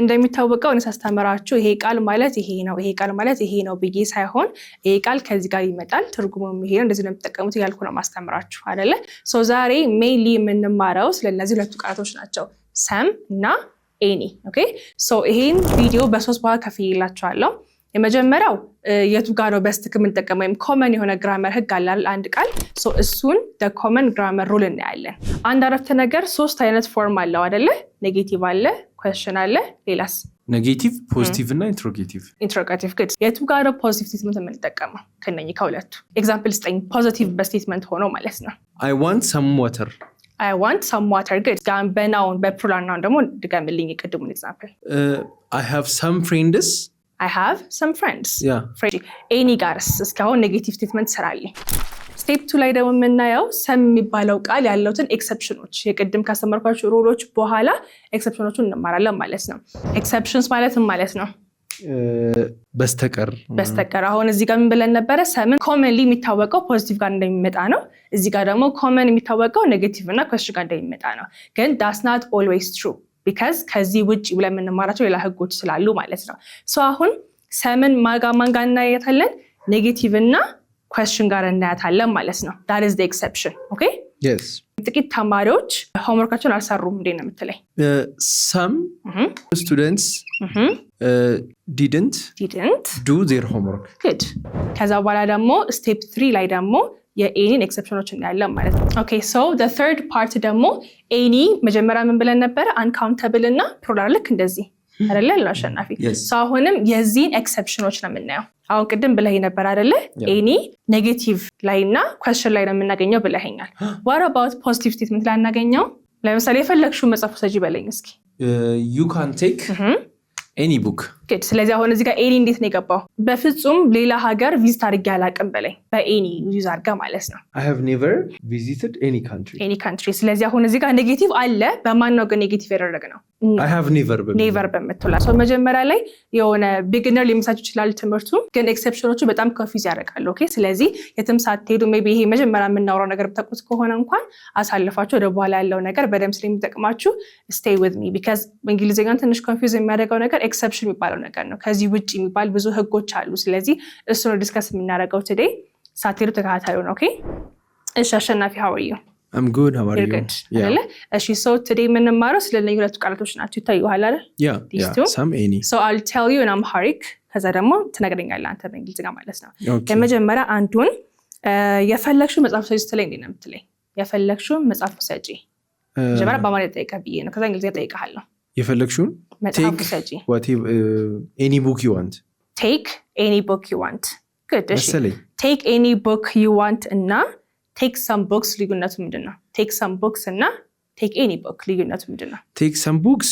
እንደሚታወቀው እኔ ሳስተምራችሁ ይሄ ቃል ማለት ይሄ ነው፣ ይሄ ቃል ማለት ይሄ ነው ብዬ ሳይሆን ይሄ ቃል ከዚህ ጋር ይመጣል፣ ትርጉሙ ይሄ ነው፣ እንደዚህ ነው የምትጠቀሙት ያልኩ ነው ማስተምራችሁ አይደለ? ሶ ዛሬ ሜይሊ የምንማረው ስለነዚህ ሁለቱ ቃላቶች ናቸው ሰም እና ኤኒ። ኦኬ ሶ ይሄን ቪዲዮ በሶስት በኋላ ከፍዬላችኋለሁ። የመጀመሪያው የቱ ጋር ነው በስትክ የምንጠቀም ወይም ኮመን የሆነ ግራመር ህግ አላል አንድ ቃል እሱን ኮመን ግራመር ሩል እናያለን። አንድ አረፍተ ነገር ሶስት አይነት ፎርም አለው አደለ? ኔጌቲቭ አለ፣ ኮስሽን አለ። ሌላስ? ኔጌቲቭ፣ ፖዚቲቭ hmm. እና ኢንትሮጌቲቭ። ኢንትሮጌቲቭ ግድ የቱ ጋር ፖዚቲቭ ስቴትመንት የምንጠቀመው? ከነኚህ ከሁለቱ ኤግዛምፕል ስጠኝ። ፖዚቲቭ በስቴትመንት ሆኖ ማለት ነው። አይ ዋንት ሰም ዋተር አይ ዋንት ሰም ዋተር ግድ። ጋን በናውን በፕሉራል ናውን ደግሞ ድገምልኝ የቅድሙን ኤግዛምፕል። አይ ሃቭ ሰም ፍሬንድስ አይ ሃቭ ሰም ፍሬንድስ። ኤኒ ጋርስ እስካሁን ኔጌቲቭ ስቴትመንት ስራልኝ ስቴፕ ቱ ላይ ደግሞ የምናየው ሰም የሚባለው ቃል ያለውትን ኤክሰፕሽኖች የቅድም ካስተማርኳቸው ሮሎች በኋላ ኤክሰፕሽኖቹን እንማራለን ማለት ነው። ኤክሰፕሽንስ ማለት ማለት ነው በስተቀር በስተቀር አሁን እዚህ ጋር ምን ብለን ነበረ? ሰምን ኮመንሊ የሚታወቀው ፖዚቲቭ ጋር እንደሚመጣ ነው። እዚህ ጋር ደግሞ ኮመን የሚታወቀው ኔጌቲቭ እና ኮስሽን ጋር እንደሚመጣ ነው። ግን ዳስ ናት ኦልዌይስ ትሩ ቢካዝ ከዚህ ውጭ ብለን የምንማራቸው ሌላ ህጎች ስላሉ ማለት ነው። አሁን ሰምን ማጋ ማንጋ እናየታለን ኔጌቲቭ እና ኮስችን ጋር እናያታለን ማለት ነው። ዳት ኢዝ ኤክሰፕሽን ኦኬ። ጥቂት ተማሪዎች ሆምወርካቸውን አልሰሩም እንዴ ነው የምትለኝ? ሰም ስቱደንትስ ዲድንት ዲድንት ዱ ዜር ሆምወርክ ግድ። ከዛ በኋላ ደግሞ ስቴፕ ትሪ ላይ ደግሞ የኤኒን ኤክሰፕሽኖች እናያለን ማለት ነው። ኦኬ ሶ ተርድ ፓርት ደግሞ ኤኒ መጀመሪያ ምን ብለን ነበረ? አንካውንተብል እና ፕሉራል ልክ እንደዚህ አደለ አሸናፊ አሁንም የዚህን ኤክሰፕሽኖች ነው የምናየው። አሁን ቅድም ብለህ ነበር አደለ ኤኒ ኔጌቲቭ ላይ እና ኳስሽን ላይ ነው የምናገኘው ብለኸኛል። ዋር አባውት ፖዚቲቭ ስቴትመንት ላይ አናገኘው? ለምሳሌ የፈለግሽው መጽሐፍ ሰጂ በለኝ እስኪ ዩ ካን ቴክ ኤኒ ቡክ ግድ ስለዚህ አሁን እዚህ ጋር ኤኒ እንዴት ነው የገባው? በፍጹም ሌላ ሀገር ቪዚት አድርጌ አላውቅም በላይ በኤኒ ዩዝ አድርጋ ማለት ነው። ኤኒ ካንትሪ። ስለዚህ አሁን እዚህ ጋር ኔጌቲቭ አለ። በማን ነው ግን ኔጌቲቭ ያደረግ ነው? ኔቨር በምትላ ሰው መጀመሪያ ላይ የሆነ ቢግነር ሊመሳቸው ይችላል ትምህርቱ፣ ግን ኤክሰፕሽኖቹ በጣም ከፊዝ ያደርጋሉ። ኦኬ ስለዚህ የትም ሳትሄዱ ሜይ ቢ ይሄ መጀመሪያ የምናውራው ነገር ብታውቁት ከሆነ እንኳን አሳልፋችሁ ወደ በኋላ ያለው ነገር በደምብ ስለሚጠቅማችሁ ስቴይ ዊዝ ሚ ቢካዝ በእንግሊዝኛን ትንሽ ኮንዝ የሚያደርገው ነገር ኤክሰፕሽን የሚባለው ነገር ነው። ከዚህ ውጭ የሚባል ብዙ ህጎች አሉ። ስለዚህ እሱ ነው ዲስከስ የምናደርገው ቱዴይ። ሳቴሩ ተከታታዩ ነው። ኦኬ። እሺ አሸናፊ ሀዋዩ እሺ ሰው ትዴ የምንማረው ስለ እነዚህ ሁለቱ ቃላቶች ናቸው። ይታዩሃል አይደል? ከዛ ደግሞ ትነግረኛለህ አንተ በእንግሊዝኛ ማለት ነው። የመጀመሪያ አንዱን የፈለግሽውን መጽሐፍ ሰጪ ስትለኝ እንዴት ነው የምትለኝ? መጽሐፍ ሰጪ መጀመሪያ በአማርኛ ጠይቀህ ብዬ ነው። ከዛ ጠይቀሃለሁ የፈለግሽውን ቴክ ኤኒ ቡክ ዩ ዋንት ቴክ ኤኒ ቡክ ዩ ዋንት መሰለኝ። ቴክ ኤኒ ቡክ ዩ ዋንት እና ቴክ ሰም ቡክስ ልዩነቱ ምንድን ነው? ቴክ ሰም ቡክስ እና ቴክ ኤኒ ቡክ ልዩነቱ ምንድን ነው? ቴክ ሰም ቡክስ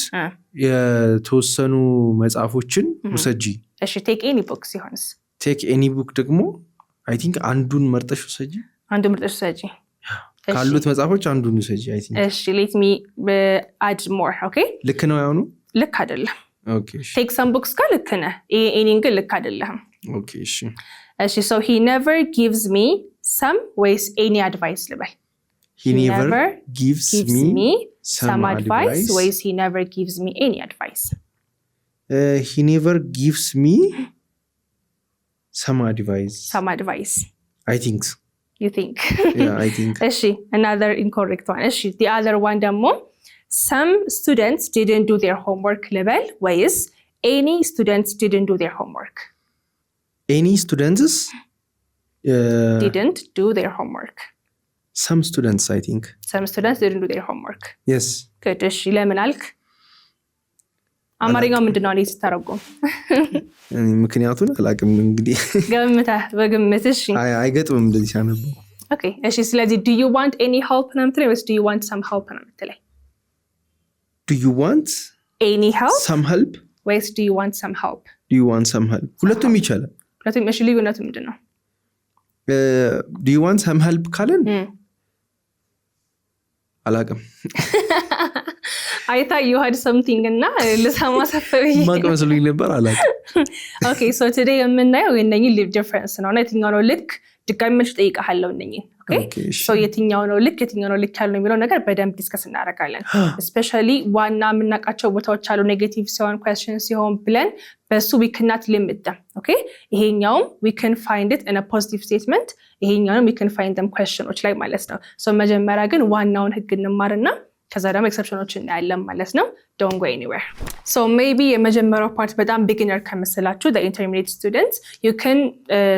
የተወሰኑ መጽሐፎችን ውሰጂ። እሺ ቴክ ኤኒ ቡክ ሲሆንስ? ቴክ ኤኒ ቡክ ደግሞ አይ ቲንክ አንዱን መርጠሽ ውሰጂ። አንዱን መርጠሽ ውሰጂ ካሉት መጽሐፎች አንዱን ውሰጂ። እሺ ሌት ሚ ልክ ነው ያሁኑ ልክ አይደለም። ቴክ ቡክስ ጋር ልክ ነህ፣ ኤኒን ግን ልክ አይደለህም። እሺ ሰው ሂ ኔቨር ጊቭስ ሚ ሰም ወይስ ኤኒ አድቫይስ ልበል? ሂ ኔቨር ሚ ሰም ጊቭስ ሚ ሰም አድቫይስ ሰም አድቫይስ አይ ቲንክ you think? Yeah, I think. እሺ, another incorrect one. እሺ, the other one ደግሞ some students didn't do their homework Level wise, any students didn't do their homework? Any students uh, didn't do their homework. Some students, I think. Some students didn't do their homework. Yes. Good. እሺ፣ አማርኛው ምንድን ነው? እኔ ስተረጎም ምክንያቱን አላቅም። እንግዲህ ገምታ በግምት እሺ፣ አይገጥምም እንደዚህ ሲያነበው። እሺ። ስለዚህ ዱ ዩ ዋንት ኤኒ ሄልፕ ነው ምትለ ወይስ ዱ ዩ ዋንት ሰም ሄልፕ ነው ምትለይ ዱ ዩ ዋንት ኤኒ ሄልፕ ሰም ሄልፕ ወይስ ዱ ዩ ዋንት ሰም ሄልፕ? ዱ ዩ ዋንት ሰም ሄልፕ። ሁለቱም ይቻላል። ሁለቱም። እሺ፣ ልዩነቱ ምንድን ነው? ዱ ዩ ዋንት ሰም ሄልፕ ካለን አላቅም አይታ ዩሃድ ሰምቲንግ እና ልሰማ ሰፍ ማቅ መስሎኝ ነበር። አላቅም ኦኬ ሶ ቱዴይ የምናየው የነኝን ሊቭ ዲፍረንስ ነው እና የትኛው ነው ልክ ድጋሚ መልሽ እነኝ እነኝን የትኛው ነው ልክ የትኛው ነው ልክ ያለው የሚለው ነገር በደንብ ዲስከስ እናደርጋለን። እስፔሻሊ ዋና የምናውቃቸው ቦታዎች አሉ። ኔጌቲቭ ሲሆን ኩዌስችን ሲሆን ብለን በሱ ዊክናት ልምጠም ይሄኛውም ዊክን ፋይንድት ት ፖዚቲቭ ስቴትመንት ይሄኛውንም ዊክን ም ኩዌስችኖች ላይ ማለት ነው። መጀመሪያ ግን ዋናውን ህግ እንማርና ከዛ ደግሞ ኤክሰፕሽኖች እናያለን ማለት ነው። ዶን ጎ ኤኒዌር ሶ ሜቢ የመጀመሪያው ፓርት በጣም ቢግነር ከመሰላችሁ ኢንተርሚዲት ስቱደንት ዩ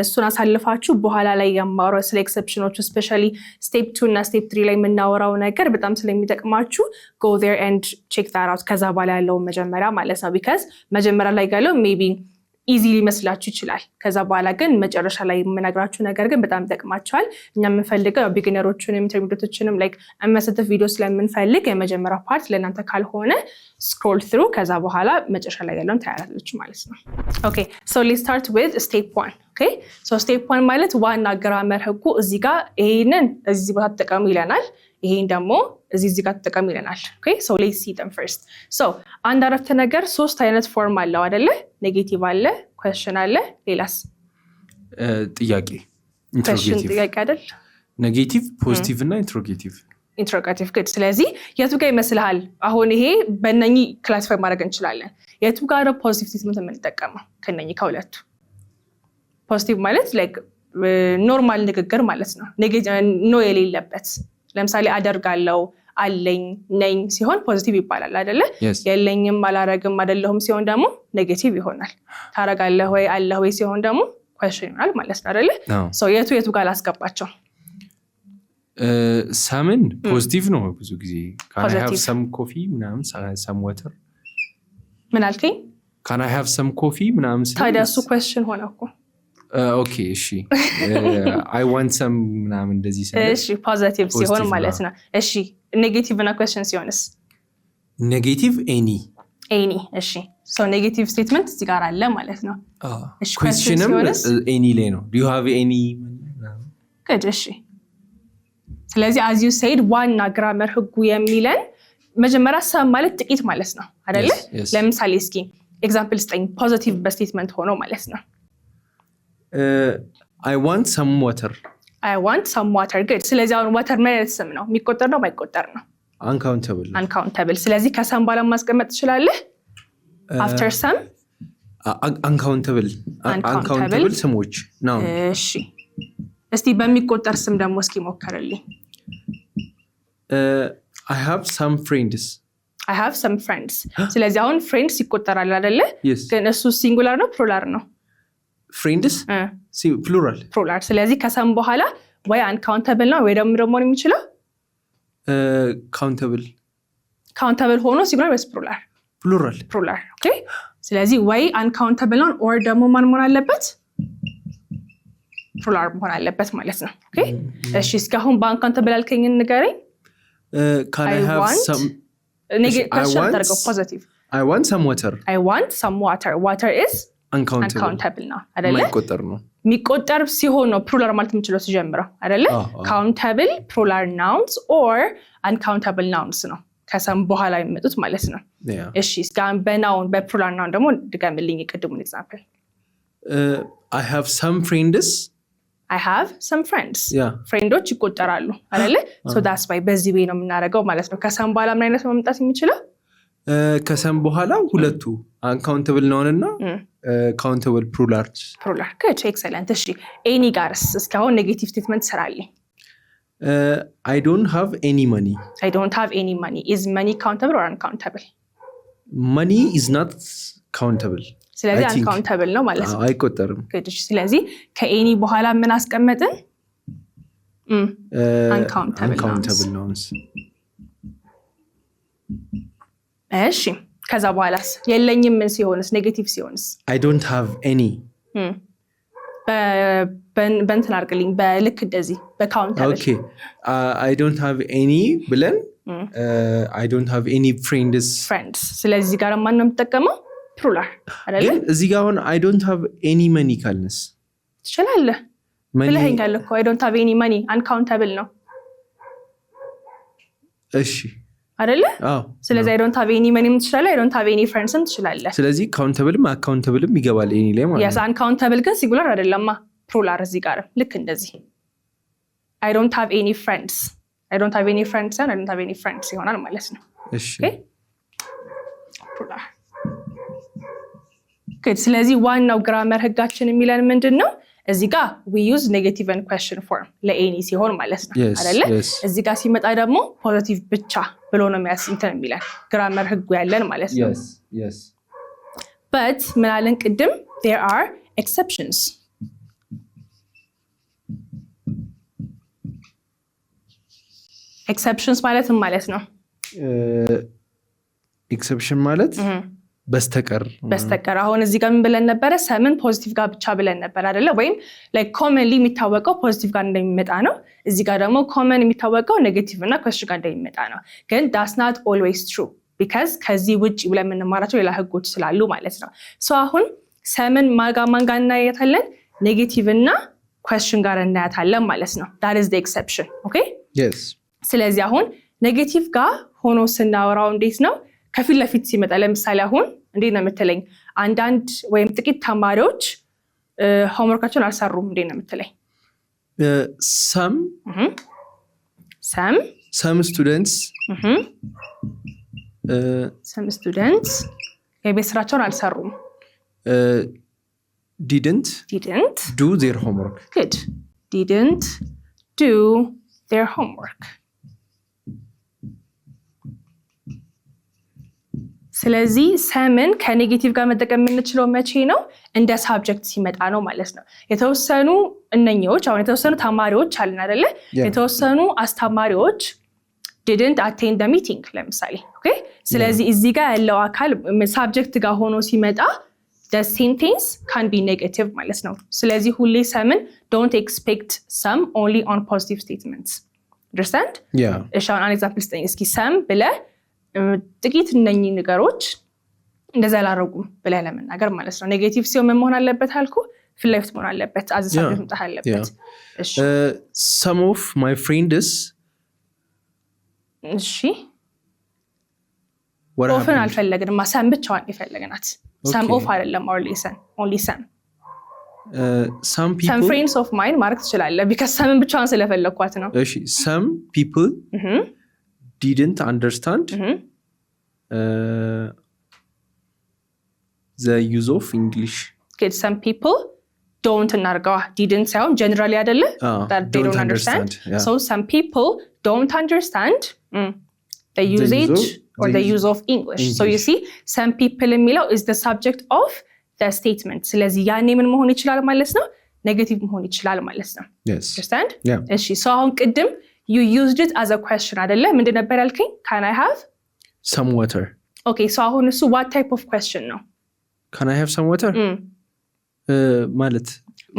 እሱን አሳልፋችሁ በኋላ ላይ የማወራው ስለ ኤክሰፕሽኖቹ ስፔሻሊ ስቴፕ ቱ እና ስቴፕ ትሪ ላይ የምናወራው ነገር በጣም ስለሚጠቅማችሁ ጎ ዜር ኤንድ ቼክ ዛት አውት ከዛ በኋላ ያለውን መጀመሪያ ማለት ነው ቢካዝ መጀመሪያ ላይ ያለው ሜቢ ኢዚ ሊመስላችሁ ይችላል። ከዛ በኋላ ግን መጨረሻ ላይ የምነግራችሁ ነገር ግን በጣም ይጠቅማቸዋል። እኛ የምንፈልገው ቢግነሮችንም ኢንተርሚዲቶችንም ላይክ የሚያሳትፍ ቪዲዮ ስለምንፈልግ የመጀመሪያ ፓርት ለእናንተ ካልሆነ ስክሮል ትሩ፣ ከዛ በኋላ መጨረሻ ላይ ያለውን ታያላለች ማለት ነው። ኦኬ ሶ ሌትስ ስታርት ዊዝ ስቴፕ ዋን ስቴፕ ዋን ማለት ዋና ግራመር ህጉ እዚህ ጋር ይህንን እዚህ ቦታ ተጠቀሙ ይለናል። ይሄን ደግሞ እዚህ እዚህ ጋር ተጠቀም ይለናል። ሶ ሌት ሲ ተም ፈርስት። ሶ አንድ አረፍተ ነገር ሶስት አይነት ፎርም አለው አደለ? ኔጌቲቭ አለ፣ ኮስችን አለ፣ ሌላስ ጥያቄ ጥያቄ አይደል? ኔጌቲቭ፣ ፖዚቲቭ እና ኢንትሮጌቲቭ ኢንትሮጋቲቭ ግድ። ስለዚህ የቱ ጋር ይመስልሃል? አሁን ይሄ በእነኚህ ክላሲፋይ ማድረግ እንችላለን። የቱ ጋር ነው ፖዚቲቭ ትሪትመንት የምንጠቀመው? ከእነኚህ ከሁለቱ ፖዚቲቭ ማለት ኖርማል ንግግር ማለት ነው፣ ኖ የሌለበት ለምሳሌ አደርጋለው፣ አለኝ፣ ነኝ ሲሆን ፖዚቲቭ ይባላል አደለ የለኝም፣ አላረግም፣ አደለሁም ሲሆን ደግሞ ኔጌቲቭ ይሆናል። ታረጋለህ ወይ አለህ ወይ ሲሆን ደግሞ ኮሽን ይሆናል ማለት ነው አይደለ? የቱ የቱ ጋር ላስገባቸው? ሰምን ፖዚቲቭ ነው ብዙ ጊዜ ሰም ኮፊ ምናምን ሰም ወተር ምን አልከኝ? ካን አይ ሰም ኮፊ ምናምን ታዲያ እሱ ኮስሽን ሆነ እኮ ኦኬ እሺ አይ ዋንት ሰም ምናምን እንደዚህ እሺ ፖዘቲቭ ሲሆን ማለት ነው እሺ ኔጌቲቭ እና ኩዌስችን ሲሆንስ ኔጌቲቭ ኤኒ ኤኒ እሺ ሰው ኔጌቲቭ ስቴትመንት እዚህ ጋር አለ ማለት ነው ኩዌስችንም ኤኒ ላይ ነው ዩ ሃቭ ኤኒ ግድ እሺ ስለዚህ አዝ ዩ ሰይድ ዋና ግራመር ህጉ የሚለን መጀመሪያ ሰም ማለት ጥቂት ማለት ነው አደለ ለምሳሌ እስኪ ኤግዛምፕል ስጠኝ ፖዘቲቭ በስቴትመንት ሆኖ ማለት ነው አይ ዋንት ሰም ዋተር አይ ዋንት ሰም ዋተር ግድ። ስለዚህ አሁን ዋተር ምን አይነት ስም ነው? የሚቆጠር ነው የማይቆጠር ነው? አንካውንተብል አንካውንተብል። ስለዚህ ከሰም በኋላ ማስቀመጥ ትችላለህ። አፍተር ሰም አንካውንተብል አንካውንተብል ስሞች ነው። እሺ እስቲ በሚቆጠር ስም ደግሞ እስኪ ሞከርልኝ። አይ ሃቭ ሰም ፍሬንድስ አይ ሃቭ ሰም ፍሬንድስ። ስለዚህ አሁን ፍሬንድስ ይቆጠራል አደለ ግን እሱ ሲንጉላር ነው ፕሮላር ነው? ፍሬንድስ ፕሉራል ፕሉራል። ስለዚህ ከሰም በኋላ ወይ አንካውንተብል ነው ወይ ደግሞ ደግሞ የሚችለው ካውንተብል ካውንተብል ሆኖ ሲጉላር ወይስ ፕሉራል? ፕሉራል ፕሉራል። ኦኬ። ስለዚህ ወይ አንካውንተብል ነው ኦር ደግሞ ማን መሆን አለበት ፕሉራል መሆን አለበት ማለት ነው። ኦኬ። እሺ እስካሁን በአንካውንተብል አልከኝን ንገረኝ። ኔጌቲቭ ፖዘቲቭ። አይ ዋንት ሰም ዋተር። አይ ዋንት ሰም ዋተር። ዋተር ኢዝ አንካውንታብል ነው አይደለ? የሚቆጠር ነው የሚቆጠር ሲሆን ነው ፕሩላር ማለት የምችለው ሲጀምረው አይደለ? ካውንታብል ፕሉራል ናውንስ ኦር አንካውንተብል ናውንስ ነው ከሰም በኋላ የሚመጡት ማለት ነው። እሺ በናውን በፕሉራል ናውን ደግሞ ድገምልኝ የቅድሙን ኤግዛምፕል ሰም ፍሬንድስ አይ ሃቭ ሰም ፍሬንድስ ፍሬንዶች ይቆጠራሉ አለ ሶ ዳስ ባይ በዚህ ቤ ነው የምናደርገው ማለት ነው። ከሰም በኋላ ምን አይነት ነው መምጣት የሚችለው? Uh, ከሰም በኋላ ሁለቱ አንካውንትብል ነውንና ካውንተብል ፕሩላርች ፕሩላርች እች ኤክሰለንት እሺ ኤኒ ጋርስ እስካሁን ኔጌቲቭ ስቴትመንት ስራልኝ አይ ዶንት ሃቭ ኤኒ መኒ አይ ዶንት ሃቭ ኤኒ መኒ ኢዝ መኒ ካውንተብል ኦር አንካውንተብል መኒ ኢዝ ናት ካውንተብል ስለዚህ አንካውንተብል ነው ማለት ነው አይቆጠርም ስለዚህ ከኤኒ በኋላ ምን አስቀመጥን አንካውንተብል uh, ነው mm. እሺ ከዛ በኋላስ የለኝም ምን ሲሆንስ ኔጌቲቭ ሲሆንስ አይ ዶንት ሃቭ ኤኒ በእንትን አርቅልኝ በልክ እንደዚህ በካውንተር አይ ዶንት ሃቭ ኤኒ ብለን አይ ዶንት ሃቭ ኤኒ ፍሬንድስ ፍሬንድስ ስለዚህ ጋር ማን ነው የምትጠቀመው ፕሩላር ግን እዚህ ጋር አሁን አይ ዶንት ሃቭ ኤኒ መኒ ካልነስ ትችላለህ ብለኸኛል እኮ አይ ዶንት ሃቭ ኤኒ መኒ አንካውንተብል ነው እሺ አይደለ? ስለዚህ አይዶንት ሀቭ ኤኒ መኒም ትችላለ አይዶንት ሀቭ ኤኒ ፍሬንድስም ትችላለ ስለዚህ ካውንተብልም አካውንተብልም ይገባል ኤኒ ላይ ማለት ነው። አንካውንተብል ግን ሲጉላር አይደለማ፣ ፕሉራል እዚህ ጋርም ልክ እንደዚህ አይዶንት ሀቭ ኤኒ ፍሬንድስ አይዶንት ሀቭ ኤኒ ፍሬንድስ ሲሆን አይዶንት ሀቭ ኤኒ ፍሬንድስ ይሆናል ማለት ነው። እሺ ስለዚህ ዋናው ግራመር ህጋችን የሚለን ምንድን ነው? እዚህ ጋር ዊ ዩዝ ኔጌቲቭ ን ኩዌስችን ፎርም ለኤኒ ሲሆን ማለት ነው አደለ እዚህ ጋር ሲመጣ ደግሞ ፖዘቲቭ ብቻ ብሎ ነው የሚያስ የሚለን ግራመር ህጉ ያለን ማለት ነው። በት ምን ቅድም ር አር ኤክሰፕሽንስ ኤክሰፕሽንስ ማለትም ማለት ነው ኤክሰፕሽን uh, ማለት በስተቀር በስተቀር አሁን እዚህ ጋር ምን ብለን ነበረ? ሰምን ፖዚቲቭ ጋር ብቻ ብለን ነበር አደለ? ወይም ላይክ ኮመንሊ የሚታወቀው ፖዚቲቭ ጋር እንደሚመጣ ነው። እዚህ ጋር ደግሞ ኮመን የሚታወቀው ኔጌቲቭ እና ኮስች ጋር እንደሚመጣ ነው። ግን ዳስ ናት ኦልዌይስ ትሩ ቢካዝ ከዚህ ውጭ ብለን የምንማራቸው ሌላ ህጎች ስላሉ ማለት ነው። አሁን ሰምን ማጋ ማንጋ እናያታለን፣ ኔጌቲቭ እና ኮስችን ጋር እናያታለን ማለት ነው። ዳት ኢዝ ኤክሰፕሽን ኦኬ። ስለዚህ አሁን ኔጌቲቭ ጋር ሆኖ ስናወራው እንዴት ነው ከፊት ለፊት ሲመጣ ለምሳሌ አሁን እንዴት ነው የምትለኝ? አንዳንድ ወይም ጥቂት ተማሪዎች ሆምወርካቸውን አልሰሩም። እንዴት ነው የምትለኝ? ሰም ሰም ሰም ስቱደንትስ ሰም ስቱደንትስ የቤት ስራቸውን አልሰሩም። ዲድንት ዲድንት ዱ ዜር ሆምወርክ ግድ ዲድንት ዱ ዜር ሆምወርክ ስለዚህ ሰምን ከኔጌቲቭ ጋር መጠቀም የምንችለው መቼ ነው? እንደ ሳብጀክት ሲመጣ ነው ማለት ነው። የተወሰኑ እነኚዎች አሁን የተወሰኑ ተማሪዎች አለን አደለ? የተወሰኑ አስተማሪዎች ዲድንት አቴንድ ሚቲንግ ለምሳሌ። ስለዚህ እዚህ ጋር ያለው አካል ሳብጀክት ጋር ሆኖ ሲመጣ ሴንቴንስ ካን ቢ ኔጌቲቭ ማለት ነው። ስለዚህ ሁሌ ሰምን ዶንት ኤክስፔክት ሰም ኦንሊ ኦን ፖዚቲቭ ስቴትመንትስ አንደርስታንድ። እሺ አሁን አንድ ኤግዛምፕል ስጠኝ እስኪ ሰም ብለህ ጥቂት እነኚህ ነገሮች እንደዛ አላረጉም ብለህ ለመናገር ማለት ነው። ኔጌቲቭ ሲሆን ምን መሆን አለበት አልኩ ፊት ለፊት መሆን አለበት። አዘሳ መምጣት አለበት። ሰም ኦፍ ማይ ፍሬንድስ እሺ ኦፍን አልፈለግንም። ሰም ብቻዋን የፈለግናት ሰም ኦፍ አይደለም። ኦርሊሰን ኦንሊሰን ሰም ፍሬንድስ ኦፍ ማይን ማድረግ ትችላለህ። ቢከስ ሰምን ብቻዋን ስለፈለግኳት ነው። ሰም ፒፕል didn't understand mm-hmm. uh, the use of English. Okay, some people don't narga didn't sound generally ah, that they don't, don't understand. understand. Yeah. So some people don't understand mm, the usage the use of, or the, the use, of English. English. So you see, some people in Milo is the subject of the statement. So ያኔ ምን መሆን ይችላል ማለት ነው ኔጌቲቭ መሆን Yes. Understand? Yeah. And she saw ቅድም ዩ ዩዝድ ኢት አዝ አ ኩዌስችን አይደለ? ምንድን ነበር ያልከኝ? ካን አይ ሃቭ ሰም ዋተር። ኦኬ ሶ አሁን እሱ ዋት ታይፕ ኦፍ ኩዌስችን ነው? ካን አይ ሃቭ ሰም ዋተር ማለት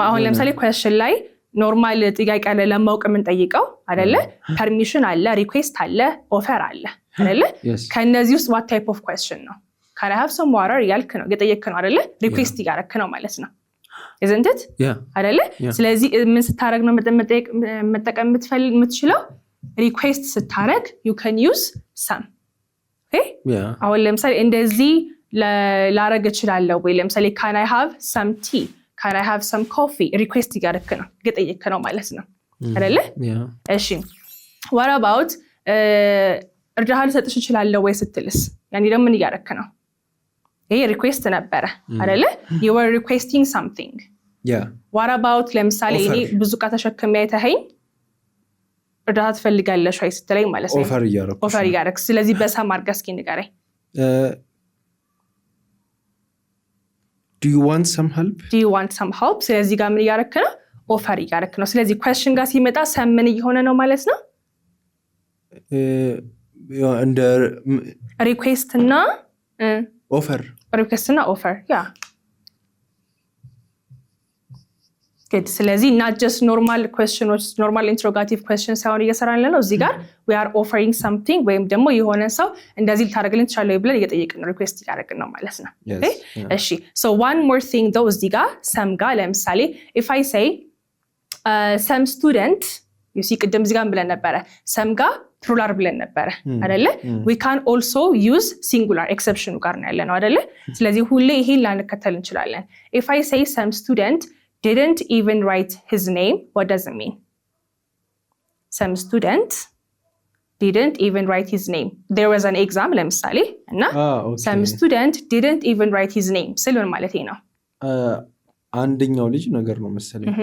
አሁን ለምሳሌ ኩዌስችን ላይ ኖርማል ጥያቄ አለ ለማወቅ የምንጠይቀው አይደለ? ፐርሚሽን mm. አለ፣ ሪኩዌስት አለ፣ ኦፈር አለ አይደለ? ከእነዚህ ውስጥ ዋት ታይፕ ኦፍ ኩዌስችን ነው? ካን አይ ሃቭ ሰም ዋተር እያልክ ነው እየጠየክ ነው አይደለ? ሪኩዌስት እያረክ ነው ማለት ነው። ኢዝንትት አደለ ስለዚህ ምን ስታደረግ ነው መጠቀም የምትፈልግ የምትችለው? ሪኩዌስት ስታደረግ ዩ ከን ዩዝ ሰም። አሁን ለምሳሌ እንደዚህ ላረግ እችላለሁ ወይ? ለምሳሌ ካን አይ ሃቭ ሰም ቲ፣ ካን አይ ሃቭ ሰም ኮፊ። ሪኩዌስት እያደረክ ነው እየጠየክ ነው ማለት ነው mm. አደለ እሺ ዋት አባውት እርዳሃ ልሰጥሽ እችላለሁ ወይ ስትልስ፣ ያኔ ደግሞ ምን እያደረክ ነው? ይሄ ሪኩዌስት ነበረ አይደለ? ዩወር ወር ሪኩዌስቲንግ ሳምቲንግ ዋር አባውት ለምሳሌ እኔ ብዙ ቃ ተሸክሚ አይተኸኝ እርዳታ ትፈልጋለሽ ወይ ስትለኝ ማለት ነው ኦፈር እያረግ ስለዚህ በሳ አድርጋ እስኪ ንገረኝ። ስለዚህ ጋር ምን እያረክ ነው? ኦፈር እያረክ ነው። ስለዚህ ኮስሽን ጋር ሲመጣ ሰምን እየሆነ ነው ማለት ነው? ሪኩዌስት እና ኦፈር ሪኩዌስትና ኦፈር ያ ግድ ስለዚህ ናት ጀስት ኖርማል ኩዌስችኖች ኖርማል ኢንትሮጋቲቭ ኩዌስችን ሳይሆን ያለ ነው። እዚህ ጋር ዊ አር ኦፈሪንግ ሰምቲንግ ወይም ደግሞ የሆነን ሰው እንደዚህ ልታደርግልን ትችላለህ ብለን እየጠየቅን ነው፣ ሪኩዌስት እያደረግን ነው ማለት ነው። እሺ ሶ ዋን ሞር ቲንግ ዶው እዚህ ጋር ሰም ጋር ለምሳሌ ኢፍ አይ ሰም ስቱደንት ዩሲ ቅድም እዚህ ጋር ብለን ነበረ ሰም ጋር ፕሉራል ብለን ነበረ አደለ? ዊ ካን ኦልሶ ዩዝ ሲንጉላር ኤክሰፕሽኑ ጋር ነው ያለ ነው አደለ? ስለዚህ ሁሌ ይሄን ላንከተል እንችላለን። ኢፍ አይ ሴይ ሰም ስቱደንት ዲደንት ኢቨን ራይት ሂዝ ኔም ወደዝ ሚን? ሰም ስቱደንት ዲድንት ኢቨን ራይት ሂዝ ኔም ዜር ዋዝ አን ኤግዛም ለምሳሌ እና ሰም ስቱደንት ዲድንት ኢቨን ራይት ሂዝ ኔም ስል ምን ማለት ነው? አንደኛው ልጅ ነገር ነው መሰለኝ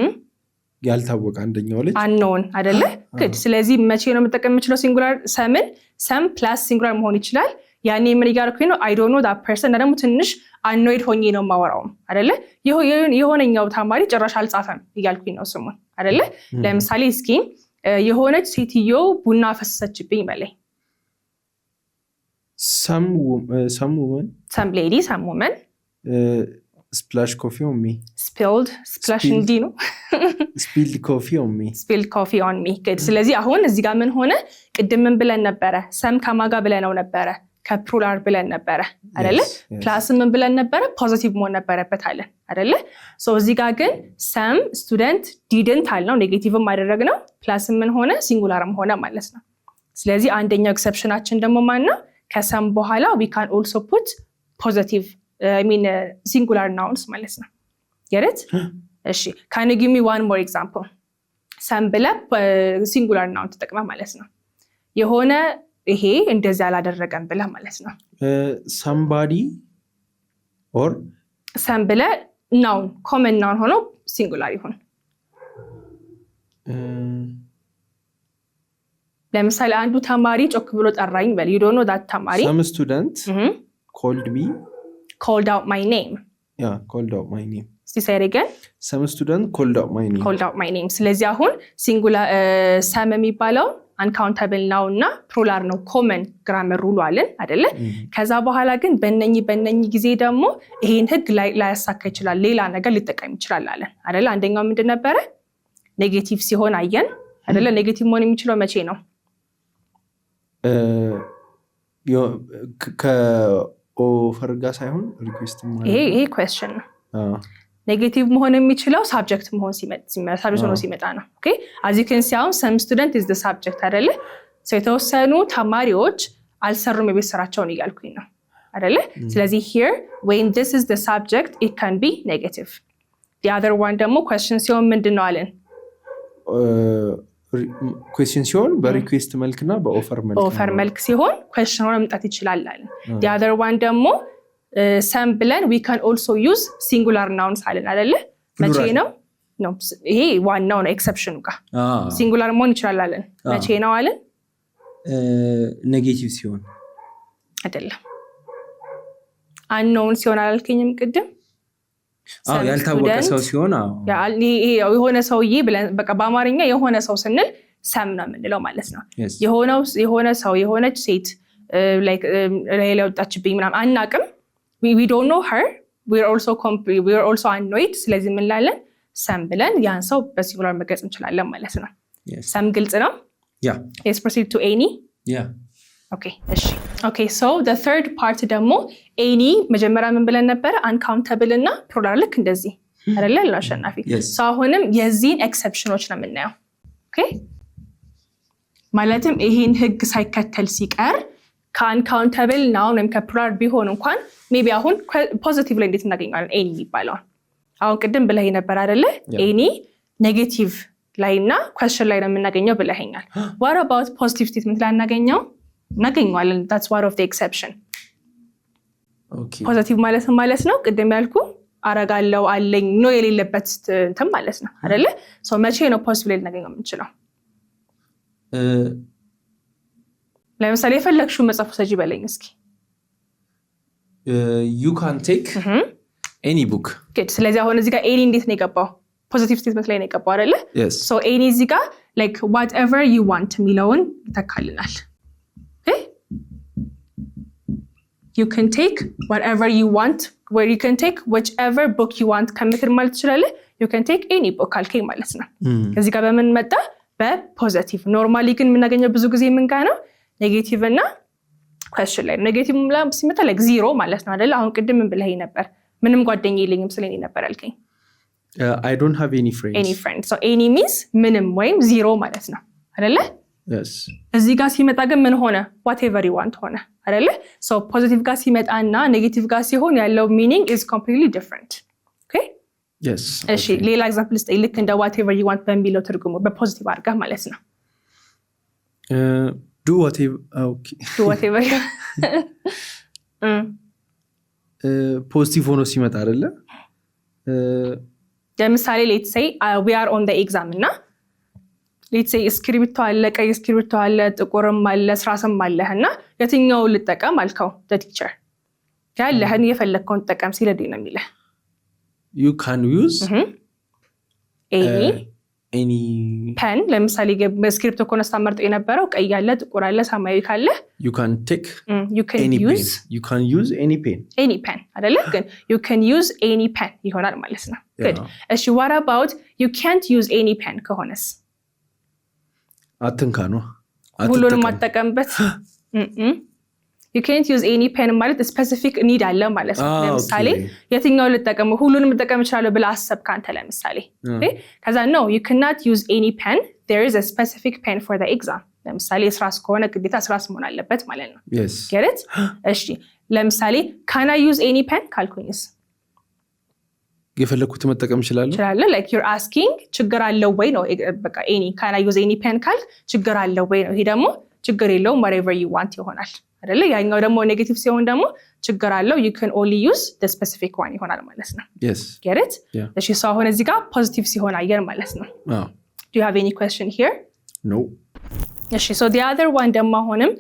ያልታወቀ አንደኛው ልጅ አንነውን አደለ ግድ ስለዚህ መቼ ነው የምጠቀም የምችለው ሲንጉላር ሰምን ሰም ፕላስ ሲንጉላር መሆን ይችላል። ያኔ ምን እያደረኩኝ ነው? አይ ዶንት ኖ ዳት ፐርሰን እና ደግሞ ትንሽ አኖይድ ሆኜ ነው የማወራውም አደለ የሆነኛው ተማሪ ጭራሽ አልጻፈም እያልኩኝ ነው ስሙን አደለ ለምሳሌ እስኪ የሆነች ሴትዮ ቡና ፈሰሰችብኝ በላይ ሰም ሌዲ ሰም ውመን ስፕላሽ ኮፊ ኦን ሚ ስፒልድ ስፕላሽ እንዲህ ነው። ስፒልድ ኮፊ ኦን ሚ ስፒልድ ኮፊ ኦን ሚ። ስለዚህ አሁን እዚህ ጋር ምን ሆነ? ቅድም ብለን ነበረ? ሰም ከማጋ ብለነው ነበረ ከፕሉራል ብለን ነበረ አደለ? ፕላስ ምን ብለን ነበረ? ፖዘቲቭ መሆን ነበረበት አለን አደለ? እዚህ ጋር ግን ሰም ስቱደንት ዲድንት አልነው፣ ኔጌቲቭም አደረግነው፣ ፕላስ ምን ሆነ? ሲንጉላርም ሆነ ማለት ነው። ስለዚህ አንደኛው ኤክሰፕሽናችን ደግሞ ማን ነው? ከሰም በኋላ ዊ ካን ኦልሶ ፑት ፖዘቲቭ ሚን ሲንጉላር ናውንስ ማለት ነው። የረት እሺ ካን ጊቭ ዋን ሞር ኤግዛምፕል ሰም ብለ ሲንጉላር ናውን ተጠቅመ ማለት ነው። የሆነ ይሄ እንደዚህ አላደረገም ብለ ማለት ነው። ሰምባዲ ኦር ሰም ብለህ ናውን ኮመን ናውን ሆኖ ሲንጉላር ይሁን። uh, ለምሳሌ አንዱ ተማሪ ጮክ ብሎ ጠራኝ በል። ዩ ዳት ተማሪ ስቱደንት ኮልድ ሚ called out my name. Yeah, called out my name. እስቲ ሳይድ ገን ሰም ስቱደንት ኮልድ አውት ማይ ኔም ስለዚህ አሁን ሲንጉላ ሰም የሚባለውን አንካውንተብል ናው እና ፕሮላር ነው ኮመን ግራመር ሩሉ አለን አደለ? ከዛ በኋላ ግን በነኝ በነኝ ጊዜ ደግሞ ይሄን ህግ ላያሳካ ይችላል፣ ሌላ ነገር ሊጠቀም ይችላል አለን አደለ? አንደኛው ምንድን ነበረ? ኔጌቲቭ ሲሆን አየን አደለ? ኔጌቲቭ መሆን የሚችለው መቼ ነው? ኦፈር ጋር ሳይሆን ሪኩዌስት ይሄ ኩዌስችን ነው። ኔጌቲቭ መሆን የሚችለው ሳብጀክት መሆን ሳብጀክት ሆኖ ሲመጣ ነው። አዚክን ሲያሁን ሰም ስቱደንት ኢዝ ሳብጀክት አይደለ? የተወሰኑ ተማሪዎች አልሰሩም የቤት ስራቸውን እያልኩኝ ነው አይደለ? ስለዚህ ሂር ወይም ዲስ ኢዝ ሳብጀክት ኢት ካን ቢ ኔጌቲቭ። ዲ አዘር ዋን ደግሞ ኩዌስችን ሲሆን ምንድን ነው አለን ኩዌስችን ሲሆን በሪኩዌስት መልክና በኦፈር መልክ ኦፈር መልክ ሲሆን ኩዌስችን ሆነ መምጣት ይችላል አለ የአዘር ዋን ደግሞ ሰም ብለን ዊ ካን ኦልሶ ዩዝ ሲንጉላር ናውንስ አለን አደለ። መቼ ነው ይሄ ዋናው ነው። ኤክሰፕሽኑ ጋ ሲንጉላር መሆን ይችላል አለን። መቼ ነው አለን? ኔጌቲቭ ሲሆን አይደለም። አንነውን ሲሆን አላልከኝም ቅድም ያልታወቀ ሰው ሲሆን የሆነ ሰውዬ ብለን በቃ በአማርኛ የሆነ ሰው ስንል ሰም ነው የምንለው ማለት ነው። የሆነ ሰው የሆነች ሴት ላይ ለወጣችብኝ ምናምን አናቅም። ዊ ዶንት ኖ ሄር ዊ አር ኦልሶ አኖይድ። ስለዚህ የምንላለን ሰም ብለን ያን ሰው በሲንጉላር መግለጽ እንችላለን ማለት ነው። ሰም ግልጽ ነው። ስ ፕሮሲድ ቱ ኤኒ ኦኬ። እሺ ኦኬ ሶ ተርድ ፓርት ደግሞ ኤኒ መጀመሪያ ምን ብለን ነበረ? አንካውንተብል እና ፕሉራል ልክ እንደዚህ አይደለ? አሸናፊ አሁንም የዚህን ኤክሰፕሽኖች ነው የምናየው። ማለትም ይሄን ህግ ሳይከተል ሲቀር ከአንካውንተብል ናውን ወይም ከፕሉራል ቢሆን እንኳን ሜቢ አሁን ፖዚቲቭ ላይ እንዴት እናገኘዋለን? ኤኒ የሚባለውን አሁን ቅድም ብለኸኝ ነበር አይደለ? ኤኒ ኔጌቲቭ ላይ እና ኮስሽን ላይ ነው የምናገኘው ብለኸኛል። ዋር አባውት ፖዚቲቭ ስቴትመንት ላይ እናገኘው እናገኘዋለን። ታትስ ኦፍ ኤክሰፕሽን ፖዘቲቭ ማለት ማለት ነው ቅድም ያልኩ አረጋለው አለኝ ነው የሌለበት እንትን ማለት ነው አይደለ? መቼ ነው ፖዚቲቭ ላይ ልናገኘው የምንችለው? ለምሳሌ የፈለግሽው መጽፉ ሰጂ በለኝ እስኪ። ዩ ካን ቴክ ኤኒ ቡክ። ስለዚህ አሁን እዚጋ ኤኒ እንዴት ነው የገባው? ፖዚቲቭ ስቴትመንት ላይ ነው የገባው አይደለ? ኤኒ እዚጋ ላይክ ዋት ኤቨር ዩ ዋንት የሚለውን ይተካልናል። ዩ ን ቴክ ወርቨር ዩ ዋንት ዌር ዩ ን ቴክ ዊችኤቨር ቡክ ዩ ዋንት ከምትል ማለት ትችላለህ። ዩ ን ቴክ ኤኒ ቡክ አልከኝ ማለት ነው። ከዚህ ጋር በምን መጣ? በፖዘቲቭ ኖርማሊ ግን የምናገኘው ብዙ ጊዜ ምን ጋር ነው? ኔጌቲቭ እና ኮስችን ላይ ኔጌቲቭ ሲመጣ ላይክ ዚሮ ማለት ነው አይደለ? አሁን ቅድም ምን ብለኸኝ ነበር? ምንም ጓደኛ የለኝም ስለኔ ነበር ያልከኝ። አይ ዶንት ሃቭ ሚንስ ምንም ወይም ዚሮ ማለት ነው አይደለ? እዚህ ጋር ሲመጣ ግን ምን ሆነ? ዋቴቨር ዋንት ሆነ አይደለ? ፖዚቲቭ ጋር ሲመጣ እና ኔጌቲቭ ጋር ሲሆን ያለው ሚኒንግ ኢዝ ኮምፕሊትሊ ዲፍረንት። እሺ ሌላ ኤግዛምፕል ስጠኝ። ልክ እንደ ዋቴቨር ዋንት በሚለው ትርጉሙ በፖዚቲቭ አድርጋ ማለት ነው። ፖዚቲቭ uh, uh, mm. uh, ሆኖ ሲመጣ አይደለ? ለምሳሌ ሌትሰይ ዊ አር ኦን ኤግዛም እና ሌትሴ እስክሪብቶ አለ፣ ቀይ እስክሪብቶ አለ፣ ጥቁርም አለ፣ ስራስም አለህ እና የትኛውን ልጠቀም አልከው ቲቸር ያለህን የፈለግከውን ጠቀም ሲለድ ነው የሚልህ። ዩ ካን ዩዝ ኤኒ ፐን ለምሳሌ ስክሪፕቶ ከሆነ ስታመርጥ የነበረው ቀይ አለ፣ ጥቁር አለ፣ ሰማያዊ ካለ ዩ ኤኒ ፔን ኤኒ ግን ዩ ካን ዩዝ ኤኒ ፔን ይሆናል ማለት ነው። ግድ እሺ፣ ዋት አባውት ዩ ካንት ዩዝ ኤኒ ፔን ከሆነስ አትንካ ነው ሁሉንም አጠቀምበት። ዩ ዩዝ ኤኒ ፔን ማለት ስፔሲፊክ ኒድ አለ ማለት ነው። ah, ለምሳሌ የትኛውን ልጠቀም ሁሉንም ልጠቀም እችላለሁ ብለህ አሰብ ከአንተ ለምሳሌ ah. ከዛ ነው ዩ ዩዝ ኤኒ ፔን ዜር ኢዝ ስፔሲፊክ ፔን ፎር ኤግዛም። ለምሳሌ ስራ ከሆነ ግዴታ ስራስ መሆን አለበት ማለት ነው። ገረት እሺ፣ ለምሳሌ ካን አይ ዩዝ ኤኒ ፔን ካልኩኝስ የፈለግኩት መጠቀም እችላለሁ አስኪንግ ችግር አለው ወይ ነው። በቃ ኤኒ ፔን ካል ችግር አለው ወይ ነው። ይሄ ደግሞ ችግር የለውም ዋትኤቨር ዩ ዋንት ይሆናል አይደለ? ያኛው ደግሞ ኔጌቲቭ ሲሆን ደግሞ ችግር አለው ዩ ካን ኦንሊ ዩዝ ስፔሲፊክ ዋን ይሆናል ማለት ነው። ጌት እሺ። ሰው አሁን እዚህ ጋር ፖዚቲቭ ሲሆን አየር ማለት ነው። ዱ ዩ ሃቭ ኤኒ ኩዌስችን ሂር ኖ? እሺ። ሶ ዲ አዘር ዋን ደግሞ አሁንም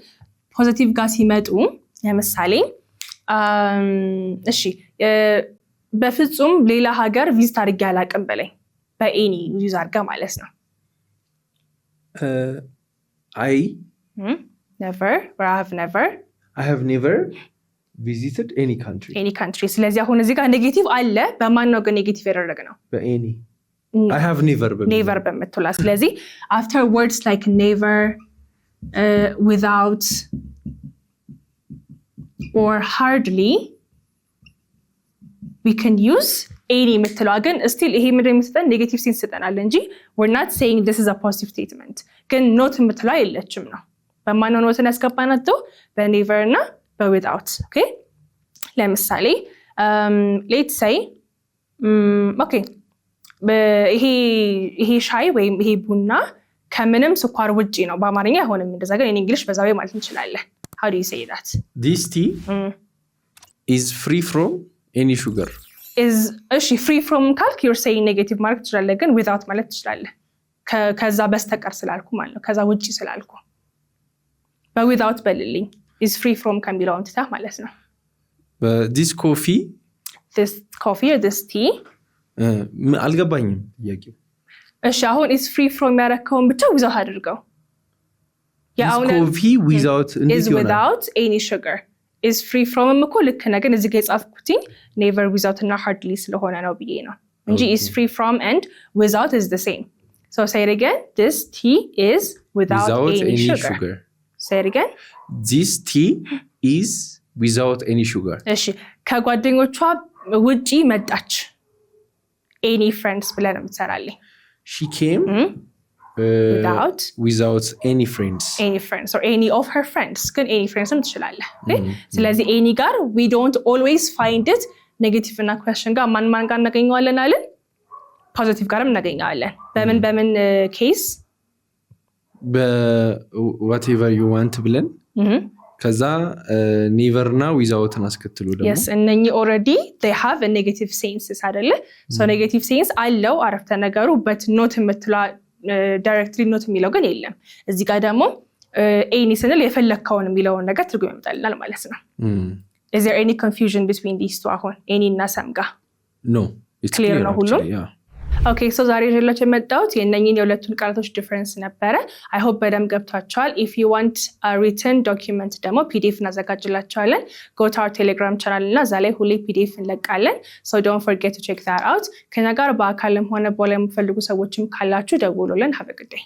ፖዚቲቭ ጋር ሲመጡ ለምሳሌ um, እሺ በፍጹም ሌላ ሀገር ቪዝት አድርጌ አላውቅም በላይ በኤኒ ዩዝ አድርጋ ማለት ነው። አይ ኔቨር ቪዚትድ ኤኒ ካንትሪ ኤኒ ካንትሪ። ስለዚህ አሁን እዚህ ጋር ኔጌቲቭ አለ። በማን ነው ግን ኔጌቲቭ ያደረግ ነው? በኤኒ አይ ሃቭ ኔቨር ኔቨር በምትላ። ስለዚህ አፍተር ወርድስ ላይክ ኔቨር ዊዛውት ኦር ሃርድሊ ዊ ከን ዩዝ ኤኒ የምትለዋ ግን ስቲል ይሄ ምድ የምትጠን ኔጌቲቭ ሴንስ ትጠናል እንጂ ወር ናት ሴይንግ ዲስ ኢዝ አ ፖዚቲቭ ስቴትመንት። ግን ኖት የምትለዋ የለችም ነው በማንሆን ኖትን ያስገባናት ዶ በኔቨር እና በዊትአውት። ኦኬ ለምሳሌ ሌት um, ሳይ um, ኦኬ ይሄ ሻይ ወይም ይሄ ቡና ከምንም ስኳር ውጪ ነው። በአማርኛ አይሆንም እንደዛ፣ ግን እንግሊሽ በዛ ማለት እንችላለን። ሀው ዩ ሴይ ዳት ዲስ ቲ ኢዝ ፍሪ ፍሮም ኤኒ ሹገር እሺ ፍሪ ፍሮም ካልክ ዩር ሴይ ኔጌቲቭ ማለት ትችላለ፣ ግን ዊዛውት ማለት ትችላለ። ከዛ በስተቀር ስላልኩ ማለት ነው፣ ከዛ ውጭ ስላልኩ በዊዛውት በልልኝ። ኢዝ ፍሪ ፍሮም ከሚለው እንትታ ማለት ነው። ዲስ ኮፊ ኮፊ ስ ቲ አልገባኝም ጥያቄው። እሺ አሁን ኢዝ ፍሪ ፍሮም ያረከውን ብቻ ዊዛውት አድርገው። ኮፊ ዊዛውት ኤኒ ሹገር ኢዝ ፍሪ ፍሮምም እኮ ልክ ነህ፣ ግን እዚህ ጋ የጻፍኩትኝ ኔቨር ዊዛውት እና ሃርድሊ ስለሆነ ነው ብዬ ነው እንጂ ኢዝ ፍሪ ፍሮም ኤንድ ዊዛውት ኢዝ ዘ ሴም So say it again. This tea is without, without any, any sugar. sugar. Say it again. This tea is without any sugar. እሺ ከጓደኞቿ ውጪ መጣች። ኤኒ ፍሬንድስ ብለህ ነው የምትሰራልኝ። ሺ ኬም ዊዛውት ዊዛውት ኤኒ ፍሬንድስ ኤኒ ፍሬንድስ ኦር ኤኒ ኦፍ ሄር ፍሬንድስ ግን ኤኒ ፍሬንድስም ትችላለህ። mm-hmm. ስለዚህ ኤኒ ጋር ዊ ዶንት ኦልዌይስ ፋይንድ ኢት ኔጌቲቭ እና ኩዌስችን ጋር ማን ማን ጋር እናገኘዋለን አለን ፖዚቲቭ ጋርም እናገኘዋለን። በምን mm-hmm. በምን ኬስ በዋቴቨር ዩ ዋንት ብለን mm-hmm. ከዛ ኔቨር uh, እና ዊዛውትን አስከትሎ ደግሞ እነኚህ ኦልሬዲ ሃቭ ኔጌቲቭ ሴንስስ አይደለ ኔጌቲቭ ሴንስ አለው አረፍተ ነገሩ በት ኖት የምትለዋ ዳይሬክትሊ ኖት የሚለው ግን የለም። እዚህ ጋር ደግሞ ኤኒ ስንል የፈለግከውን የሚለውን ነገር ትርጉም ይመጣልናል ማለት ነው። ኤኒ ኮንፊዥን ቢትዊን ዲስ ቱ አሁን ኤኒ እና ሰም ክሊር ነው ሁሉም ኦኬ ሶ ዛሬ ይዤላችሁ የመጣሁት የእነኝን የሁለቱን ቃላቶች ዲፍረንስ ነበረ። አይ ሆፕ በደንብ ገብቷቸዋል። ኢፍ ዩ ዋንት ሪትን ዶኪመንት ደግሞ ፒዲኤፍ እናዘጋጅላቸዋለን። ጎ ቱ አወር ቴሌግራም ቻናል እና እዛ ላይ ሁሌ ፒዲኤፍ እንለቃለን። ሶ ዶንት ፎርጌት ቱ ቼክ ዛት አውት። ከኛ ጋር በአካልም ሆነ በላይ የምፈልጉ ሰዎችም ካላችሁ ደውሉልን። ሀበ ጉዳይ